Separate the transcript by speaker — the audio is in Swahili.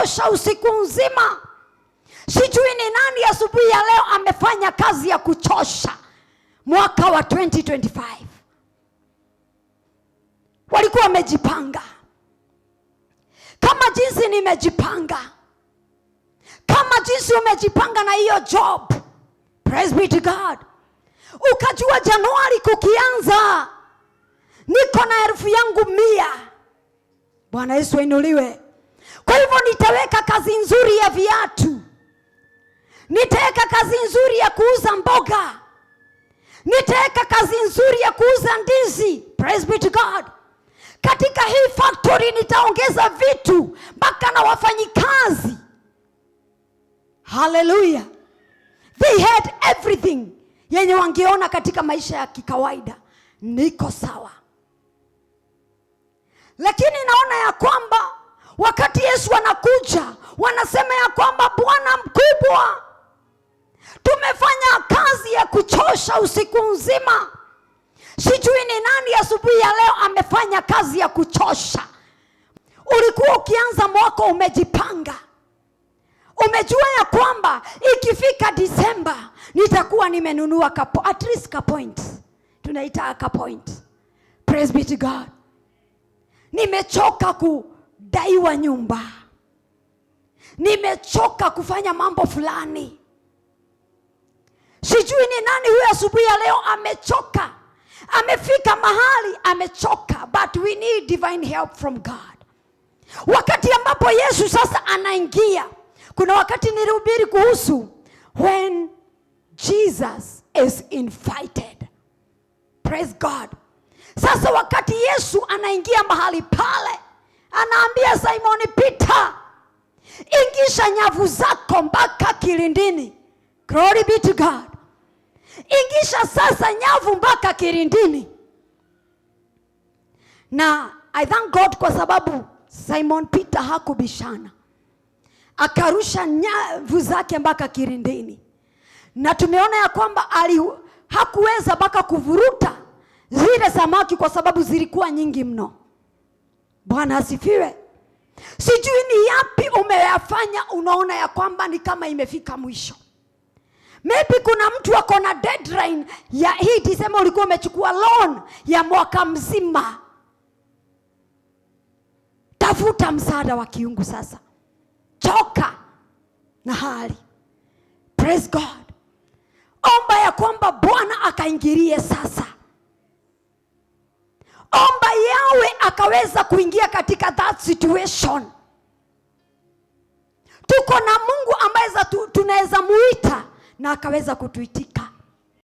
Speaker 1: kutosha usiku nzima. Sijui ni nani asubuhi ya, ya leo amefanya kazi ya kuchosha mwaka wa 2025 walikuwa wamejipanga kama jinsi nimejipanga, kama jinsi umejipanga na hiyo job. Praise be to God. Ukajua Januari kukianza, niko na elfu yangu mia. Bwana Yesu ainuliwe. Kwa hivyo nitaweka kazi nzuri ya viatu, nitaweka kazi nzuri ya kuuza mboga, nitaweka kazi nzuri ya kuuza ndizi. Praise be to God. Katika hii factory nitaongeza vitu mpaka na wafanyikazi. Haleluya! They had everything yenye wangeona katika maisha ya kikawaida, niko sawa, lakini naona ya kwamba wakati Yesu wanakuja wanasema ya kwamba Bwana mkubwa, tumefanya kazi ya kuchosha usiku nzima. Sijui ni nani asubuhi ya, ya leo amefanya kazi ya kuchosha. Ulikuwa ukianza mwaka umejipanga, umejua ya kwamba ikifika Disemba nitakuwa nimenunua kapo, at least kapoint tunaita kapoint. Praise be to God. Nimechoka ku daiwa nyumba, nimechoka kufanya mambo fulani. Sijui ni nani huyo asubuhi ya leo amechoka, amefika mahali amechoka, but we need divine help from God. Wakati ambapo Yesu sasa anaingia, kuna wakati nilihubiri kuhusu when Jesus is invited. Praise God. Sasa wakati Yesu anaingia mahali pale anaambia Simoni Pita, ingisha nyavu zako mpaka kilindini. Glory be to God. Ingisha sasa nyavu mpaka kilindini, na I thank God kwa sababu Simon Peter hakubishana, akarusha nyavu zake mpaka kilindini, na tumeona ya kwamba ali hakuweza mpaka kuvuruta zile samaki kwa sababu zilikuwa nyingi mno. Bwana asifiwe. Sijui ni yapi umeyafanya, unaona ya kwamba ni kama imefika mwisho. Maybe kuna mtu ako na deadline ya hii Desemba, ulikuwa umechukua loan ya mwaka mzima. Tafuta msaada wa kiungu sasa, choka na hali. Praise God, omba ya kwamba Bwana akaingilie sasa akaweza kuingia katika that situation. Tuko na Mungu ambaye tunaweza muita na akaweza kutuitika.